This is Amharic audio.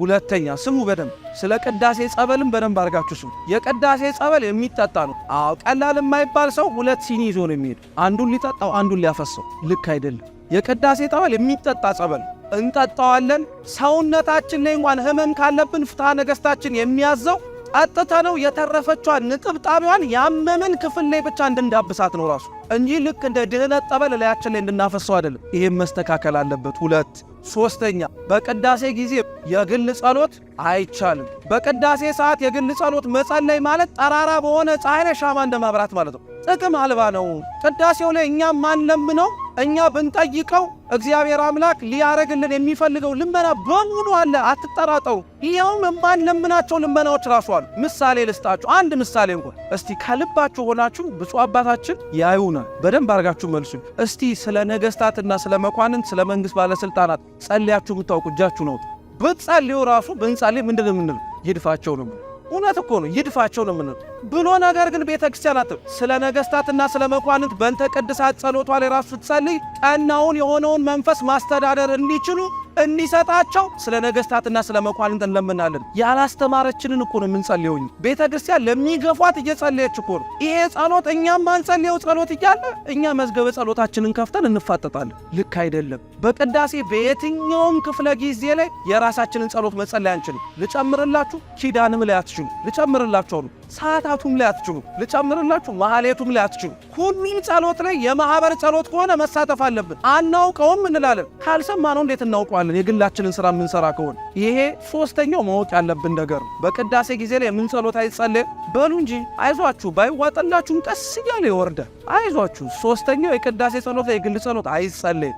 ሁለተኛ ስሙ በደንብ ስለ ቅዳሴ ጸበልም በደንብ አድርጋችሁ ስሙ። የቅዳሴ ጸበል የሚጠጣ ነው። አዎ ቀላል የማይባል ሰው ሁለት ሲኒ ይዞ ነው የሚሄድ። አንዱን ሊጠጣው፣ አንዱን ሊያፈሰው። ልክ አይደለም። የቅዳሴ ጸበል የሚጠጣ ጸበል እንጠጣዋለን። ሰውነታችን ላይ እንኳን ህመም ካለብን ፍትሐ ነገሥታችን የሚያዘው አጥተነው ንጥብ ንጥብጣቢዋን ያመመን ክፍል ላይ ብቻ እንድንዳብሳት ነው ራሱ እንጂ ልክ እንደ ድህነት ጠበል ላያችን ላይ እንድናፈሰው አይደለም። ይህም መስተካከል አለበት። ሁለት ሶስተኛ፣ በቅዳሴ ጊዜ የግል ጸሎት አይቻልም። በቅዳሴ ሰዓት የግል ጸሎት መጸለይ ማለት ጠራራ በሆነ ፀሐይ ላይ ሻማ እንደማብራት ማለት ነው። ጥቅም አልባ ነው። ቅዳሴው ላይ እኛም ማንለምነው እኛ ብንጠይቀው እግዚአብሔር አምላክ ሊያረግልን የሚፈልገው ልመና በሙሉ አለ፣ አትጠራጠሩ። ይኸውም የማንለምናቸው ልመናዎች ራሱ አሉ። ምሳሌ ልስጣችሁ፣ አንድ ምሳሌ እንኳን እስቲ ከልባችሁ ሆናችሁ ብፁ አባታችን ያዩና በደንብ አድርጋችሁ መልሱ። እስቲ ስለ ነገስታትና ስለ መኳንንት፣ ስለ መንግሥት ባለሥልጣናት ጸልያችሁ ብታውቁ እጃችሁ ነው ብትጸልዩ ራሱ ብንጸልይ ምንድን ምንል ይድፋቸው ነው እውነት እኮ ነው፣ ይድፋቸው ነው የምንል ብሎ ነገር ግን ቤተ ክርስቲያናት ስለ ነገስታትና ስለ መኳንንት በእንተ ቅድሳት ጸሎቷ ላይ ራሱ ስትጸልይ ጠናውን የሆነውን መንፈስ ማስተዳደር እንዲችሉ እንዲሰጣቸው ስለ ነገስታትና ስለ መኳንንት እንለምናለን። ያላስተማረችንን እኮ ነው የምንጸልየውኝ። ቤተ ክርስቲያን ለሚገፏት እየጸለየች እኮ ነው። ይሄ ጸሎት እኛም ማንጸልየው ጸሎት እያለ እኛ መዝገበ ጸሎታችንን ከፍተን እንፋጠጣለን። ልክ አይደለም። በቅዳሴ በየትኛውም ክፍለ ጊዜ ላይ የራሳችንን ጸሎት መጸለይ አንችልም። ልጨምርላችሁ፣ ኪዳንም ላይ አትችሉ። ልጨምርላችሁ ሰዓታቱም ላይ አትችሉ ልጨምርላችሁ፣ ማህሌቱም ላይ አትችሉ። ሁሉም ጸሎት ላይ የማህበር ጸሎት ከሆነ መሳተፍ አለብን። አናውቀውም እንላለን። ካልሰማ ነው እንዴት እናውቀዋለን? የግላችንን ስራ የምንሰራ ከሆነ ይሄ ሶስተኛው ማወቅ ያለብን ነገር ነው። በቅዳሴ ጊዜ ላይ የምን ጸሎት አይጸለይም? በሉ እንጂ አይዟችሁ፣ ባይዋጠላችሁም ቀስ እያለ ይወርዳል። አይዟችሁ። ሶስተኛው የቅዳሴ ጸሎት የግል ጸሎት አይጸለይም።